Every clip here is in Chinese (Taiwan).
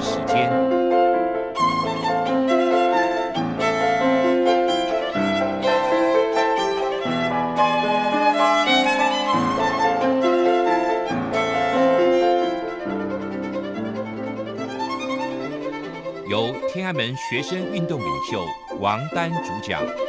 時間。由天安門學生運動領袖王丹主講。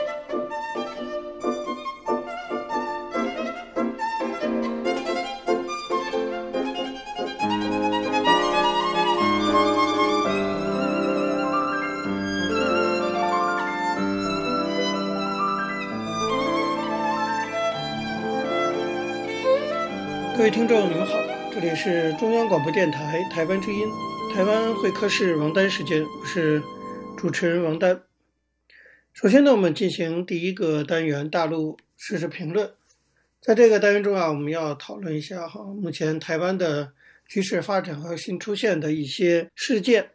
觀眾你們好，這裡是中央廣播電台台灣之音，台灣會客室王丹時間，我是主持人王丹。首先呢，我們進行第一個單元大陸時事評論。在這個單元中啊，我們要討論一下哈，目前台灣的局勢發展和新出現的一些事件。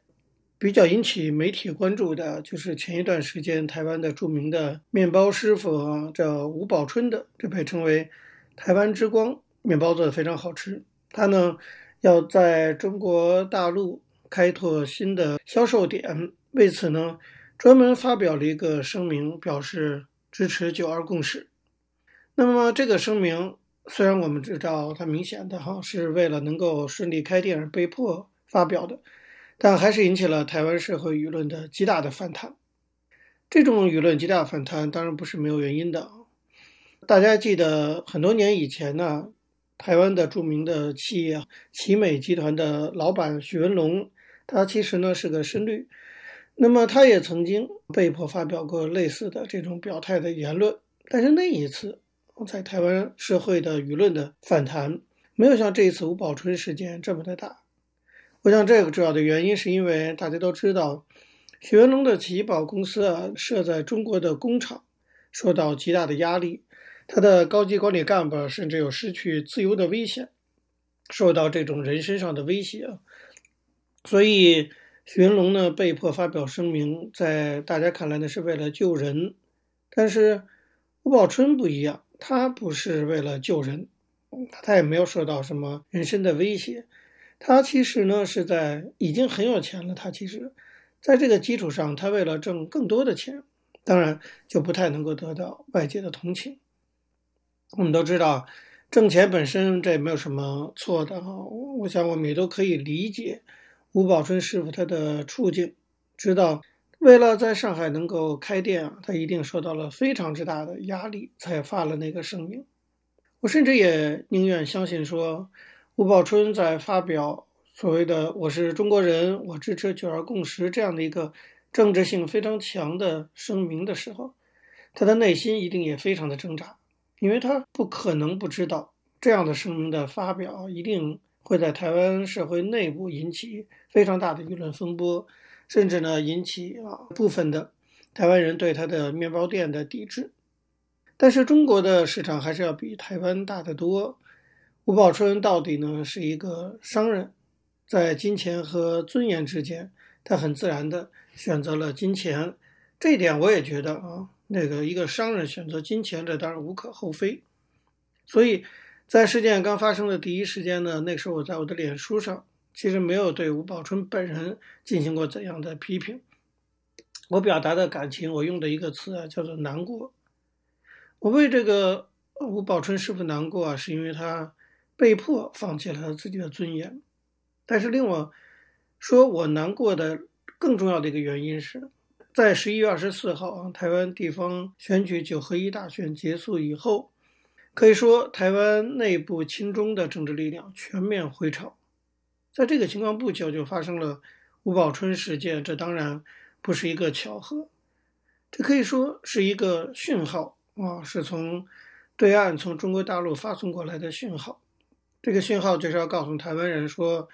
比較引起媒體關注的，就是前一段時間台灣的著名的麵包師傅啊，叫吳寶春的，這被稱為台灣之光。麵包做的非常好吃，他呢要在中國大陸開拓新的銷售點，為此呢專門發表了一個聲明，表示支持“九二共識”。那麼這個聲明雖然我們知道它明顯的哈是為了能夠順利開店而被迫發表的，但還是引起了台灣社會輿論的極大的反彈。這種輿論極大反彈當然不是沒有原因的，大家記得很多年以前呢。台灣的著名的企業啊，奇美集團的老板許文龍，他其實呢是個深綠，那麼他也曾經被迫發表過類似的這種表態的言論，但是那一次在台灣社會的輿論的反彈，沒有像這一次吳寶春事件這麼的大。我想這個主要的原因是因為大家都知道，許文龍的奇寶公司啊設在中國的工廠，受到極大的壓力。他的高級管理幹部甚至有失去自由的危險，受到這種人身上的威脅，啊，所以許文龍呢被迫發表聲明，在大家看來呢是為了救人，但是吳寶春不一樣，他不是為了救人，他也沒有受到什麼人身的威脅，他其實呢是在已經很有錢了，他其實在這個基礎上，他為了掙更多的錢，當然就不太能夠得到外界的同情。我們都知道，掙錢本身這也沒有什麼錯的哈。我想我們也都可以理解吳寶春師傅他的處境，知道為了在上海能夠開店啊，他一定受到了非常之大的壓力，才發了那個聲明。我甚至也寧願相信說，吳寶春在發表所謂的“我是中國人，我支持九二共識”這樣的一個政治性非常強的聲明的時候，他的內心一定也非常的掙扎。因為他不可能不知道這樣的聲明的發表一定會在台灣社會內部引起非常大的輿論風波，甚至呢引起啊部分的台灣人對他的面包店的抵制。但是中國的市場還是要比台灣大得多。吳寶春到底呢是一個商人，在金錢和尊嚴之間，他很自然的選擇了金錢，這一點我也覺得啊。那個一個商人選擇金錢，這當然無可厚非。所以，在事件剛發生的第一時間呢，那時候我在我的臉書上，其實沒有對吳寶春本人進行過怎樣的批評。我表達的感情，我用的一個詞啊，叫做難過。我為這個吳寶春師傅難過啊，是因為他被迫放棄了他自己的尊嚴。但是令我說我難過的更重要的一個原因是。在十一月二十四號啊，台灣地方選舉九合一大選結束以後，可以說台灣內部親中的政治力量全面回潮。在這個情況不久就發生了吳寶春事件，這當然不是一個巧合。這可以說是一個訊號啊、哦，是從對岸、從中國大陸發送過來的訊號。這個訊號就是要告訴台灣人說，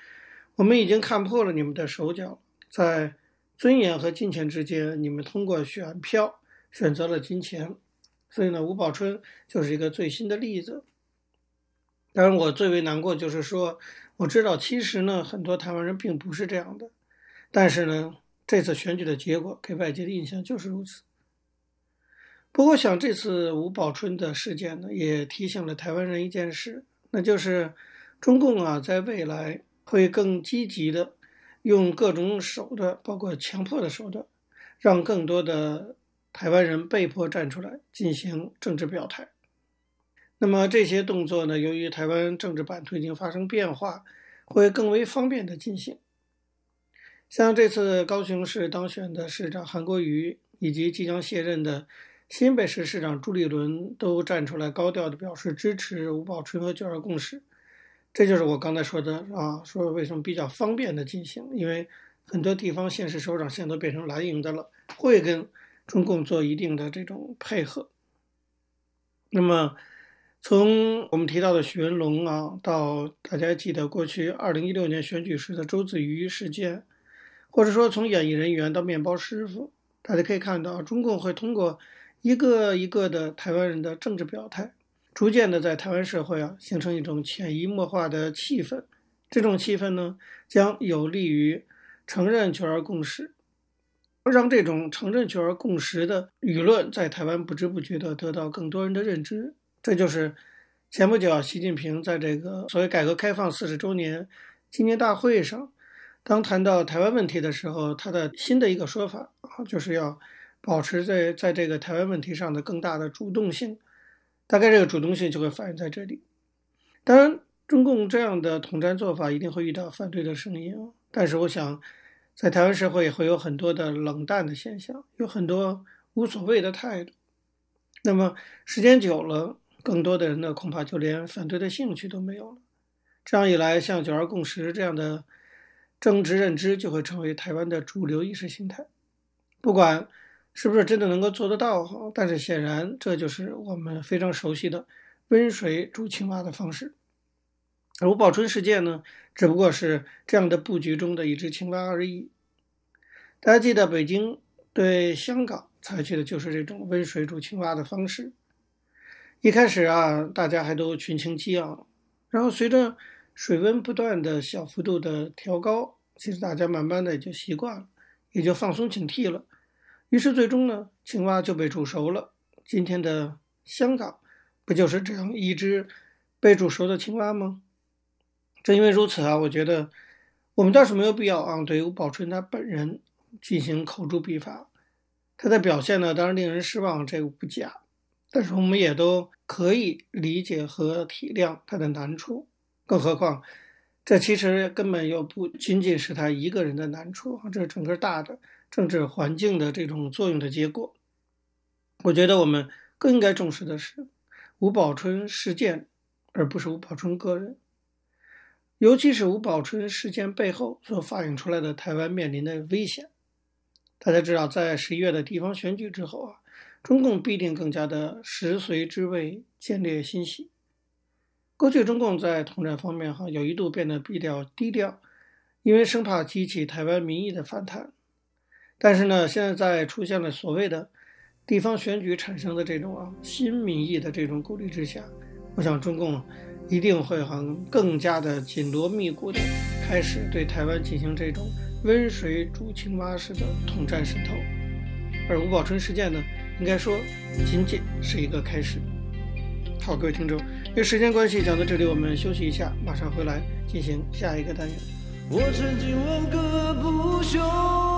我們已經看破了你們的手腳，在。尊嚴和金錢之間，你們通過選票選擇了金錢，所以呢，吳寶春就是一個最新的例子。當然，我最為難過就是說，我知道其實呢，很多台灣人並不是這樣的，但是呢，這次選舉的結果給外界的印象就是如此。不過，想這次吳寶春的事件呢，也提醒了台灣人一件事，那就是中共啊，在未來會更積極的。用各種手段，包括強迫的手段，讓更多的台灣人被迫站出來進行政治表態。那麼這些動作呢，由於台灣政治版圖已經發生變化，會更為方便的進行。像這次高雄市當選的市長韓國瑜，以及即將卸任的新北市市長朱立倫，都站出來高調的表示支持吳寶春和九二共識。這就是我剛才說的啊，說為什麼比較方便的進行，因為很多地方縣市首長現在都變成藍營的了，會跟中共做一定的這種配合。那麼，從我們提到的許文龍啊，到大家記得過去二零一六年選舉時的周子瑜事件，或者說從演藝人員到麵包師傅，大家可以看到，中共會通過一個一個的台灣人的政治表態。逐漸的，在台灣社會啊，形成一種潛移默化的氣氛。這種氣氛呢，將有利於承認“九二共識”，讓這種承認“九二共識”的輿論在台灣不知不覺的得到更多人的認知。這就是前不久習近平在這個所謂改革開放四十周年紀念大會上，當談到台灣問題的時候，他的新的一個說法啊，就是要保持在在這個台灣問題上的更大的主動性。大概這個主動性就會反映在這裡。當然，中共這樣的統戰做法一定會遇到反對的聲音，但是我想，在台灣社會會有很多的冷淡的現象，有很多無所謂的態度。那麼時間久了，更多的人呢恐怕就連反對的興趣都沒有了。這樣一來，像“九二共識”這樣的政治認知就會成為台灣的主流意識形態，不管，是不是真的能夠做得到？但是顯然，這就是我們非常熟悉的“溫水煮青蛙”的方式。而吳寶春事件呢，只不過是這樣的布局中的一隻青蛙而已。大家記得，北京對香港採取的就是這種“溫水煮青蛙”的方式。一開始啊，大家還都群情激昂，然後隨着水溫不斷的小幅度的調高，其實大家慢慢的也就習慣了，也就放鬆警惕了。於是最終呢，青蛙就被煮熟了。今天的香港，不就是這樣一只被煮熟的青蛙嗎？正因為如此啊，我覺得我們倒是沒有必要啊，對於寶春他本人進行口誅筆伐。他的表現呢，當然令人失望，這個不假。但是我們也都可以理解和體諒他的難處。更何況，這其實根本又不僅僅是他一個人的難處啊，這是整個大的。政治環境的這種作用的結果，我覺得我們更應該重視的是吳寶春事件，而不是吳寶春個人。尤其是吳寶春事件背後所反映出來的台灣面臨的危險。大家知道，在十一月的地方選舉之後啊，中共必定更加的食髓知味，見獵心喜。過去中共在統戰方面哈有一度變得比較低調，因為生怕激起台灣民意的反彈。但是呢，現在在出現了所謂的地方選舉產生的這種啊新民意的這種鼓勵之下，我想中共一定會很更加的緊鑼密鼓的開始對台灣進行這種溫水煮青蛙式的統戰滲透，而吳寶春事件呢，應該說僅僅是一個開始。好，各位聽眾，因為時間關係講到這裡，我們休息一下，馬上回來進行下一個單元。我曾經問個不休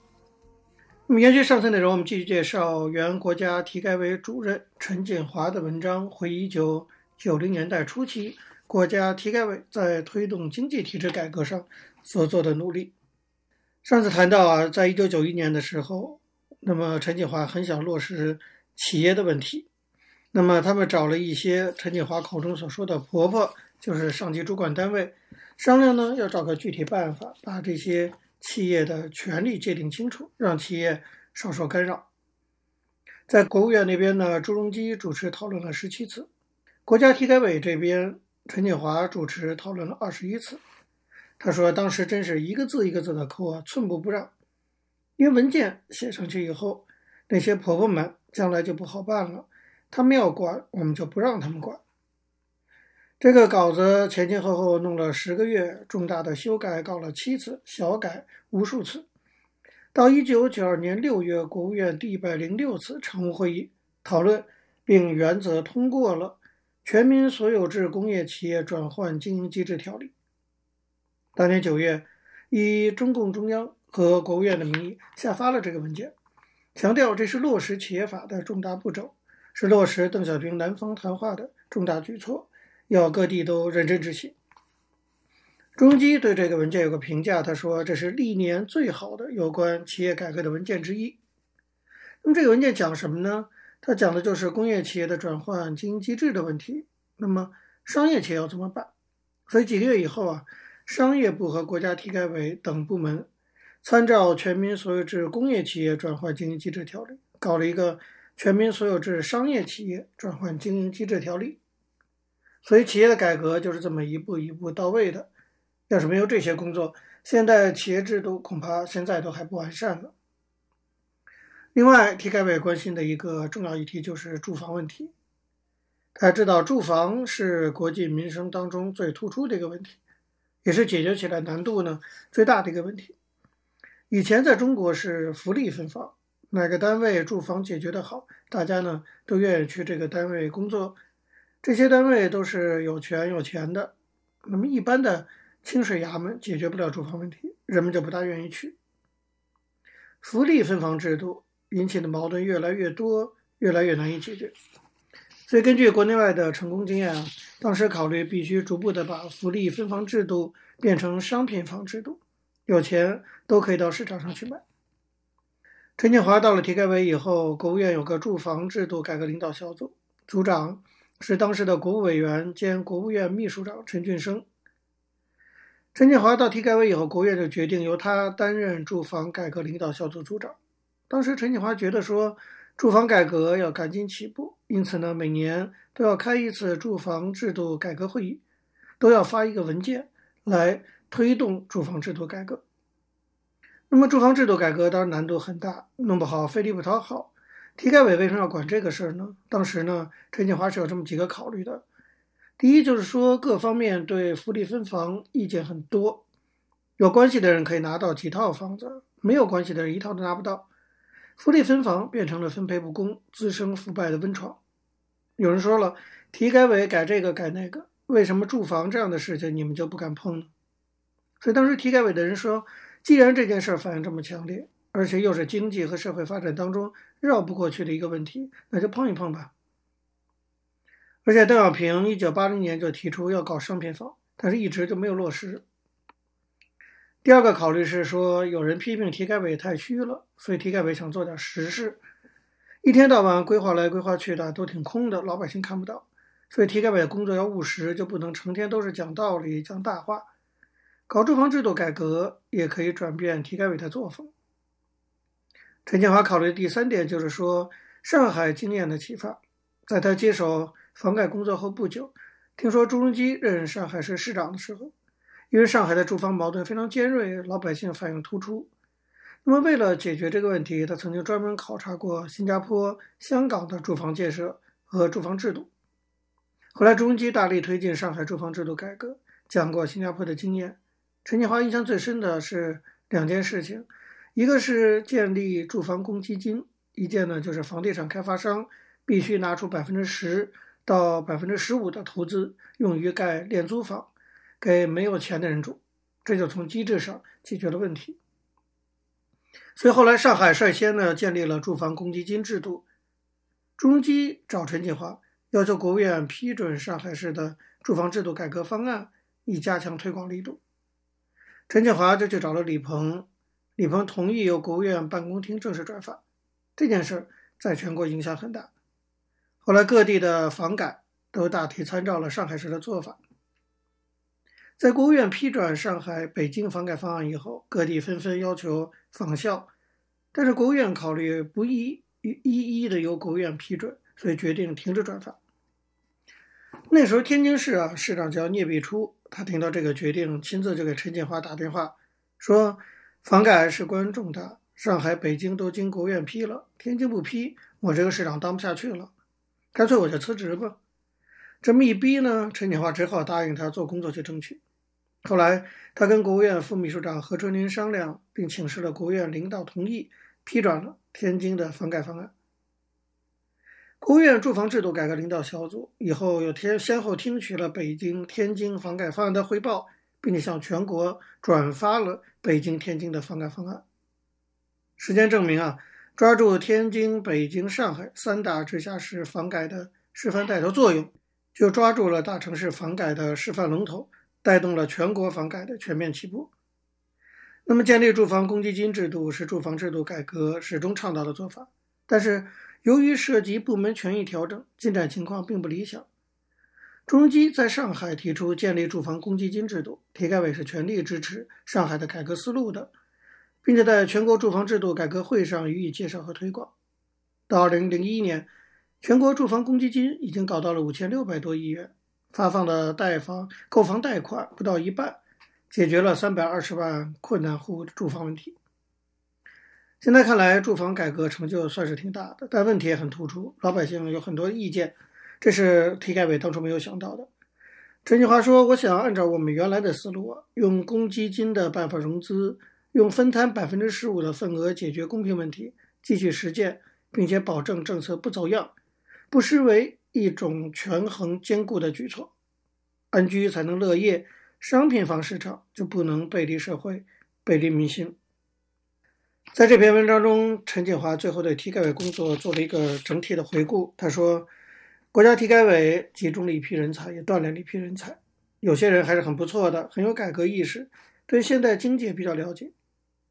那麼，延續上次內容，我們繼續介紹原國家體改委主任陳錦華的文章，回憶一九九零年代初期國家體改委在推動經濟體制改革上所做的努力。上次談到啊，在一九九一年的時候，那麼陳錦華很想落實企業的問題，那麼他們找了一些陳錦華口中所說的“婆婆”，就是上級主管單位，商量呢，要找個具體辦法把這些。企業的權利界定清楚，讓企業少受干擾。在國務院那邊呢，朱鎔基主持討論了十七次；國家體改委這邊，陳錦華主持討論了二十一次。他說，當時真是一個字一個字的摳啊，寸步不讓。因為文件寫上去以後，那些婆婆們將來就不好辦了。他們要管，我們就不讓他們管。這個稿子前前後後弄了十個月，重大的修改搞了七次，小改無數次。到一九九二年六月，國務院第一百零六次常務會議討論並原則通過了《全民所有制工業企業轉換經營機制條例》。當年九月，以中共中央和國務院的名義下發了這個文件，強調這是落實企業法的重大步驟，是落實鄧小平南方談話的重大舉措。要各地都認真執行。朱鎔基對這個文件有個評價，他說這是歷年最好的有關企業改革的文件之一。那麼這個文件講什麼呢？它講的就是工業企業的轉換經營機制的問題。那麼商業企業要怎麼辦？所以幾個月以後啊，商業部和國家體改委等部門參照《全民所有制工業企業轉換經營機制條例》，搞了一個《全民所有制商業企業轉換經營機制條例》。所以企業的改革就是這麼一步一步到位的。要是沒有這些工作，現代企業制度恐怕現在都還不完善呢。另外，提改委關心的一個重要議題就是住房問題。大家知道，住房是國計民生當中最突出的一個問題，也是解決起來難度呢最大的一個問題。以前在中國是福利分房，哪個單位住房解決得好，大家呢都願意去這個單位工作。這些單位都是有權有錢的，那麼一般的清水衙門解決不了住房問題，人們就不大願意去。福利分房制度引起的矛盾越來越多，越來越難以解決，所以根據國內外的成功經驗啊，當時考慮必須逐步的把福利分房制度變成商品房制度，有錢都可以到市場上去買。陳建華到了體改委以後，國務院有個住房制度改革領導小組，組長，是當時的國務委員兼國務院秘書長陳俊生、陳錦華到體改委以後，國務院就決定由他擔任住房改革領導小組組長。當時陳錦華覺得說，住房改革要趕緊起步，因此呢，每年都要開一次住房制度改革會議，都要發一個文件來推動住房制度改革。那麼住房制度改革當然難度很大，弄不好費力不討好。體改委為什麼要管這個事兒呢？當時呢，陳建華是有這麼幾個考慮的：第一，就是說各方面對福利分房意見很多，有關係的人可以拿到幾套房子，沒有關係的人一套都拿不到，福利分房變成了分配不公、滋生腐敗的溫床。有人說了，體改委改這個改那個，為什麼住房這樣的事情你們就不敢碰呢？所以當時體改委的人說，既然這件事兒反應這麼強烈，而且又是經濟和社會發展當中。繞不過去的一個問題，那就碰一碰吧。而且鄧小平一九八零年就提出要搞商品房，但是一直就沒有落實。第二個考慮是說，有人批評體改委太虛了，所以體改委想做點實事。一天到晚規劃來規劃去的都挺空的，老百姓看不到，所以體改委工作要務實，就不能成天都是講道理、講大話。搞住房制度改革也可以轉變體改委的作風。陳建華考慮的第三點就是說，上海經驗的啟發。在他接手房改工作後不久，聽說朱鎔基任，任上海市市長的時候，因為上海的住房矛盾非常尖銳，老百姓反應突出。那麼為了解決這個問題，他曾經專門考察過新加坡、香港的住房建設和住房制度。後來朱鎔基大力推進上海住房制度改革，講過新加坡的經驗。陳建華印象最深的是兩件事情。一個是建立住房公積金，一件呢就是房地產開發商必須拿出百分之十到百分之十五的投資用於蓋廉租房，給沒有錢的人住，這就從機制上解決了問題。所以後來上海率先呢建立了住房公積金制度，朱鎔基找陳建華，要求國務院批准上海市的住房制度改革方案，以加強推廣力度。陳建華就去找了李鵬。李鵬同意由國務院辦公廳正式轉發這件事，在全國影響很大。後來各地的房改都大體參照了上海市的做法。在國務院批准上海、北京房改方案以後，各地紛紛要求仿效，但是國務院考慮不一一一一的由國務院批准，所以決定停止轉發。那時候天津市啊，市長叫聶必初，他聽到這個決定，親自就給陳建華打電話說。房改事關重大，上海、北京都經國務院批了，天津不批，我這個市長當不下去了，乾脆我就辭職吧。這麼一逼呢，陳景華只好答應他做工作去爭取。後來，他跟國務院副秘書長何春林商量，並請示了國務院領導同意，批准了天津的房改方案。國務院住房制度改革領導小組以後又先後聽取了北京、天津房改方案的匯報。並且向全國轉發了北京、天津的房改方案。實踐證明啊，抓住天津、北京、上海三大直轄市房改的示範帶頭作用，就抓住了大城市房改的示範龍頭，帶動了全國房改的全面起步。那麼，建立住房公積金制度是住房制度改革始終倡導的做法，但是由於涉及部門權益調整，進展情況並不理想。朱鎔基在上海提出建立住房公積金制度，體改委是全力支持上海的改革思路的，並且在全國住房制度改革會上予以介紹和推廣。到二零零一年，全國住房公積金已經搞到了五千六百多億元，發放的購房購房貸款不到一半，解決了三百二十萬困難戶的住房問題。現在看來，住房改革成就算是挺大的，但問題也很突出，老百姓有很多意見。這是體改委當初沒有想到的。陳錦華說：“我想按照我們原來的思路，用公積金的辦法融資，用分攤百分之十五的份額解決公平問題，繼續實踐，並且保證政策不走樣，不失為一種權衡兼顧的舉措。安居才能樂業，商品房市場就不能背離社會、背離民心。”在這篇文章中，陳錦華最後對體改委工作做了一個整體的回顧。他說。國家體改委集中了一批人才，也鍛鍊了一批人才。有些人還是很不錯的，很有改革意識，對現代經濟也比較了解。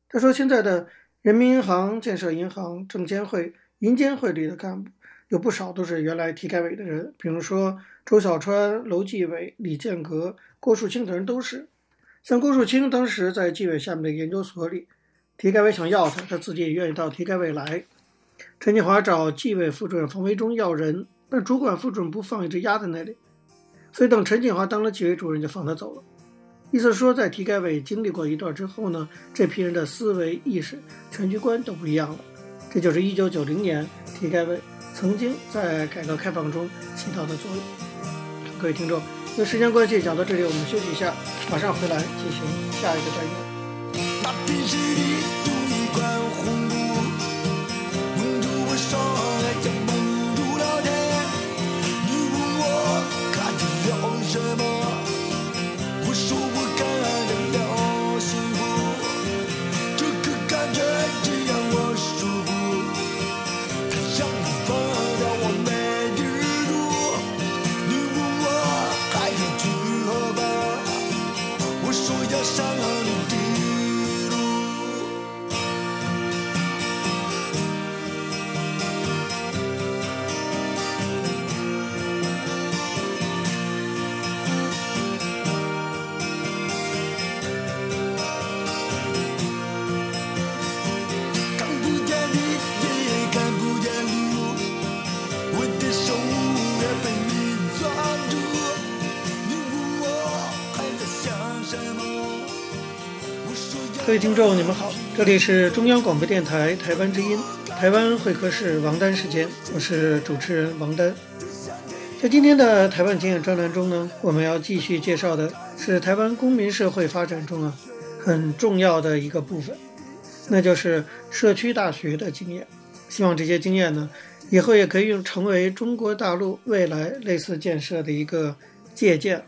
他說：“現在的人民銀行、建設銀行、證監會、銀監會裡的幹部，有不少都是原來體改委的人。比如說周小川、樓繼偉、李劍閣、郭樹清等人都是。像郭樹清當時在紀委下面的研究所裡，體改委想要他，他自己也願意到體改委來。陳錦華找紀委副主任房維中要人。”但主管副主任不放，一直壓在那裡，所以等陳錦華當了幾位主任就放他走了。意思說，在體改委經歷過一段之後呢，這批人的思維意識、全局觀都不一樣了。這就是1990年體改委曾經在改革開放中起到的作用。各位聽眾，因為時間關係講到這裡，我們休息一下，馬上回來進行下一個單元。各位聽眾，你們好，這裡是中央廣播電台台灣之音，台灣會客室王丹時間，我是主持人王丹。在今天的台灣經驗專欄中呢，我們要繼續介紹的是台灣公民社會發展中啊很重要的一個部分，那就是社區大學的經驗。希望這些經驗呢，以後也可以用成為中國大陸未來類似建設的一個借鑑。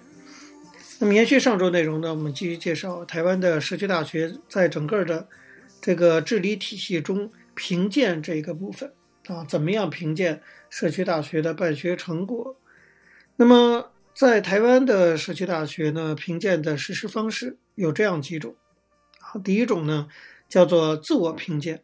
那麼，延續上周內容呢，我們繼續介紹台灣的社區大學在整個的這個治理體系中評鑑這個部分啊，怎麼樣評鑑社區大學的辦學成果？那麼，在台灣的社區大學呢，評鑑的實施方式有這樣幾種啊，第一種呢叫做自我評鑑，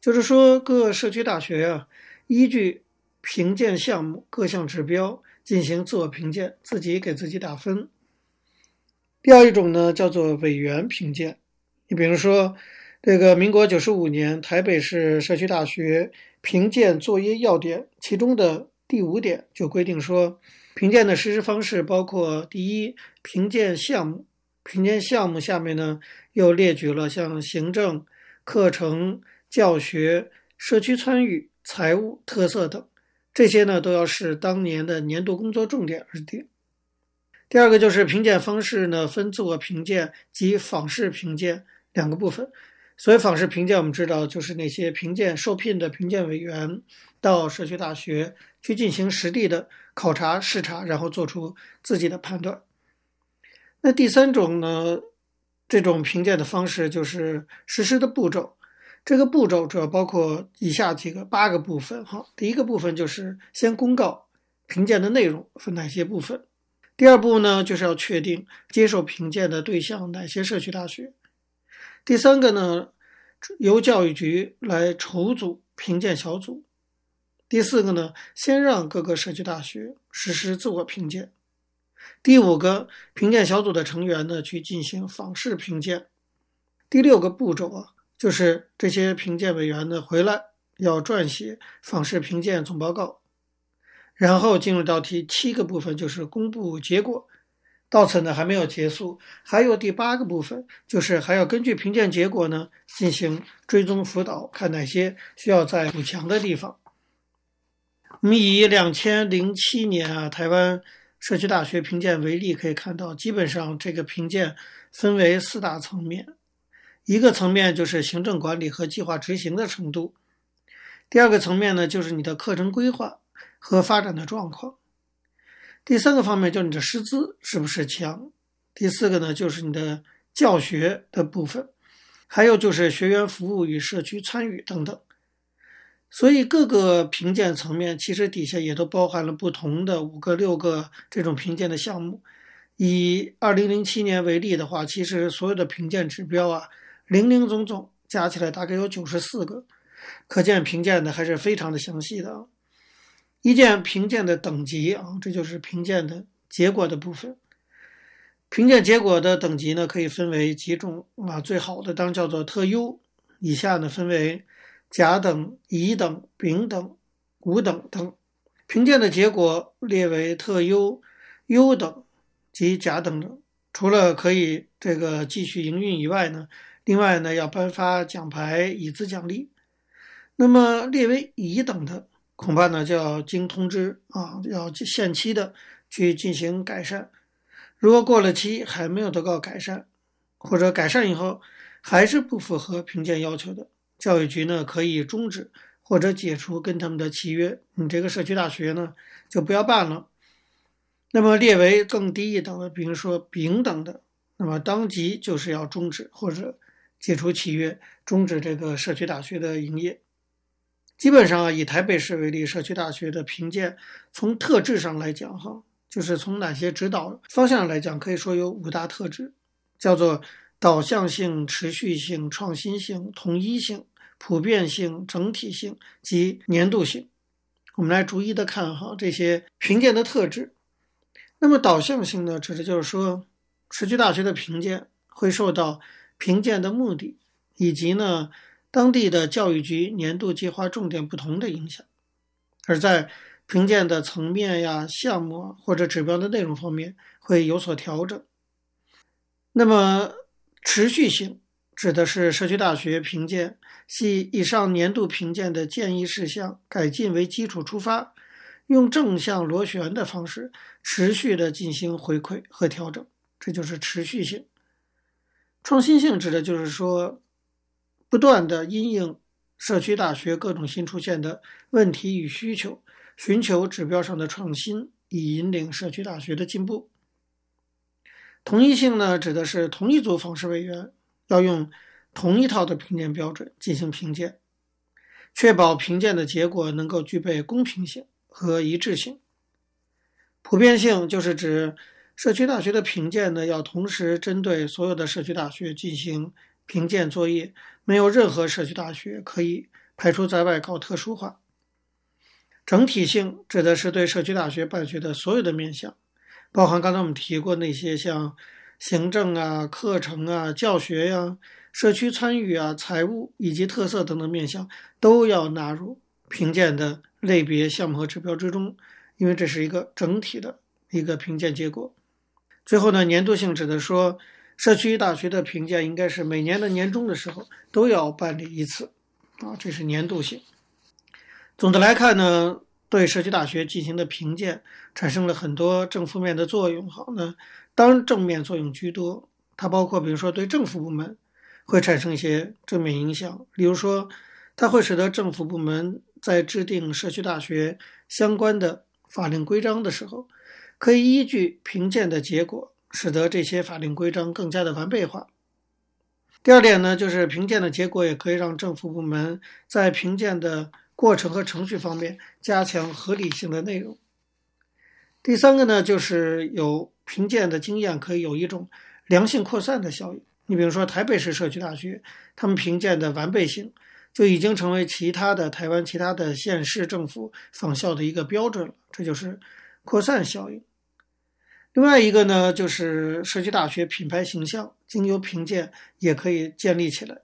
就是說各社區大學啊，依據評鑑項目各項指標進行自我評鑑，自己給自己打分。第二種呢，叫做委員評鑑。你比如說，這個民國九十五年台北市社區大學評鑑作業要點，其中的第五點就規定說，評鑑的實施方式包括：第一，評鑑項目；評鑑項目下面呢，又列舉了像行政、課程、教學、社區參與、財務、特色等，這些呢都要視當年的年度工作重點而定。第二個就是評鑑方式呢，分自我評鑑及訪視評鑑兩個部分。所謂訪視評鑑我們知道，就是那些評鑑受聘的評鑑委員到社區大學去進行實地的考察視察，然後做出自己的判斷。那第三種呢，這種評鑑的方式就是實施的步驟。這個步驟主要包括以下幾個八個部分。哈，第一個部分就是先公告評鑑的內容分哪些部分。第二步呢，就是要確定接受評鑑的對象，哪些社區大學？第三個呢，由教育局來籌組評鑑小組。第四個呢，先讓各個社區大學實施自我評鑑。第五個，評鑑小組的成員呢，去進行訪視評鑑。第六個步驟啊，就是這些評鑑委員呢，回來要撰寫訪視評鑑總報告。然後進入到第七個部分，就是公布結果。到此呢，還沒有結束，還有第八個部分，就是還要根據評鑑結果呢進行追蹤輔導，看哪些需要再補強的地方。我們，嗯，以兩千零七年啊台灣社區大學評鑑為例，可以看到，基本上這個評鑑分為四大層面，一個層面就是行政管理和計劃執行的程度，第二個層面呢就是你的課程規劃。和發展的狀況。第三個方面就是你的師資是不是強？第四個呢，就是你的教學的部分，還有就是學員服務與社區參與等等。所以各個評鑑層面其實底下也都包含了不同的五個六個這種評鑑的項目。以二零零七年為例的話，其實所有的評鑑指標啊，零零總總加起來大概有九十四個，可見評鑑的還是非常的詳細的。一件評鑑的等級啊，這就是評鑑的結果的部分。評鑑結果的等級呢，可以分為幾種啊？最好的當叫做特優，以下呢分為甲等、乙等、丙等、五等等。評鑑的結果列為特優、優等及甲等等，除了可以這個繼續營運以外呢，另外呢要頒發獎牌、以資獎勵。那麼列為乙等的。恐怕呢就要經通知啊，要限期的去進行改善。如果過了期還沒有得到改善，或者改善以後還是不符合評鑑要求的，教育局呢可以終止或者解除跟他們的契約，你這個社區大學呢就不要辦了。那麼列為更低一等的，比如說丙等的，那麼當即就是要終止或者解除契約，終止這個社區大學的營業。基本上以台北市為例，社區大學的評鑑，從特質上來講，哈，就是從哪些指導方向來講，可以說有五大特質，叫做導向性、持續性、創新性、統一性、普遍性、整體性及年度性。我們來逐一的看哈這些評鑑的特質。那麼導向性呢，指的就是說，社區大學的評鑑會受到評鑑的目的，以及呢。當地的教育局年度計劃重點，不同的影響，而在評鑑的層面呀、項目啊，或者指標的內容方面會有所調整。那麼，持續性指的是社區大學評鑑係以上年度評鑑的建議事項改進為基礎出發，用正向螺旋的方式持續的進行回饋和調整，這就是持續性。創新性指的就是說。不斷地因應社區大學各種新出現的問題與需求，尋求指標上的創新，以引領社區大學的進步。同一性呢，指的是同一組訪視委員要用同一套的評鑑標準進行評鑑，確保評鑑的結果能夠具備公平性和一致性。普遍性就是指社區大學的評鑑呢，要同時針對所有的社區大學進行評鑑作業。沒有任何社區大學可以排除在外搞特殊化。整體性指的是對社區大學辦學的所有的面向，包含剛才我們提過那些像行政啊、課程啊、教學呀、啊、社區參與啊、財務以及特色等等面向，都要納入評鑑的類別、項目和指標之中，因為這是一個整體的一個評鑑結果。最後呢，年度性指的說。社區大學的評鑑應該是每年的年終的時候都要辦理一次，啊，這是年度性。總的來看呢，對社區大學進行的評鑑產生了很多正負面的作用。好呢，當正面作用居多，它包括比如說對政府部門會產生一些正面影響，例如說它會使得政府部門在制定社區大學相關的法令規章的時候，可以依據評鑑的結果。使得這些法令規章更加的完備化。第二點呢，就是評鑑的結果也可以讓政府部門在評鑑的過程和程序方面加強合理性的內容。第三個呢，就是有評鑑的經驗可以有一種良性擴散的效應。你比如說台北市社區大學，他們評鑑的完備性就已經成為其他的、台灣其他的縣市政府仿效的一個標準了，這就是擴散效應。另外一個呢，就是社區大學品牌形象、經由評鑑也可以建立起來。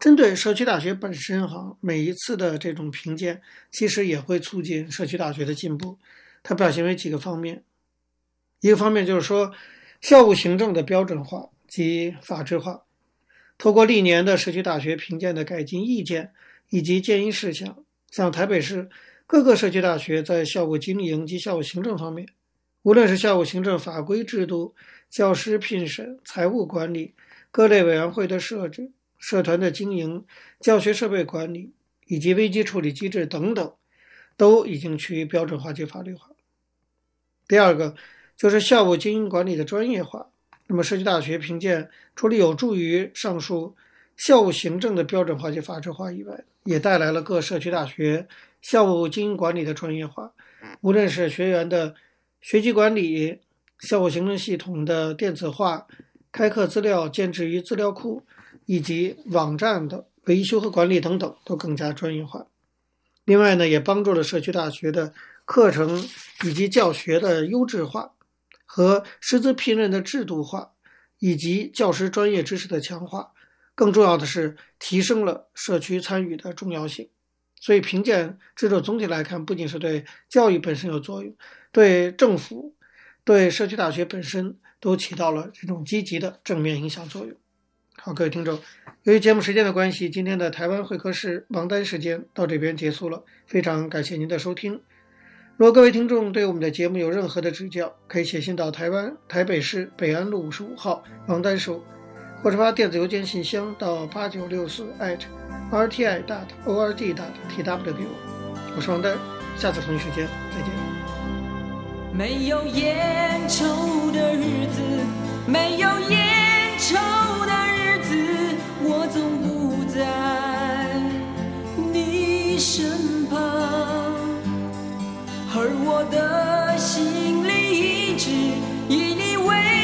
針對社區大學本身，哈，每一次的這種評鑑，其實也會促進社區大學的進步。它表現為幾個方面，一個方面就是說，校務行政的標準化及法制化。透過歷年的社區大學評鑑的改進意見以及建議事項，像台北市各個社區大學在校務經營及校務行政方面。無論是校務行政法規制度、教師聘審、財務管理、各類委員會的設置、社團的經營、教學設備管理以及危機處理機制等等，都已經趨於標準化及法律化。第二個就是校務經營管理的專業化。那麼社區大學評鑑除了有助於上述校務行政的標準化及法制化以外，也帶來了各社區大學校務經營管理的專業化。無論是學員的學籍管理、校務行政系統的電子化、開課資料建置於資料庫以及網站的維修和管理等等，都更加專業化。另外呢，也幫助了社區大學的課程以及教學的優質化，和師資聘任的制度化，以及教師專業知識的強化。更重要的是，提升了社區參與的重要性。所以評，評鑑制度總體來看，不僅是對教育本身有作用，對政府、對社區大學本身都起到了這種積極的正面影響作用。好，各位聽眾，由於節目時間的關係，今天的台灣會客室王丹時間到這邊結束了。非常感謝您的收聽。如果各位聽眾對我們的節目有任何的指教，可以寫信到台灣台北市北安路五十五號王丹收，或者發電子郵件信箱到八九六四@。RTI dot org dot TW 給我，我是王丹，下次同一時間再見。沒有煙抽的日子，沒有煙抽的日子，我總不在你身旁，而我的心裡一直以你為。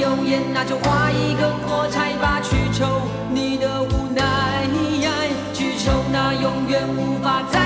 有煙，那就劃一根火柴吧，去抽你的無奈，去抽那永遠無法再。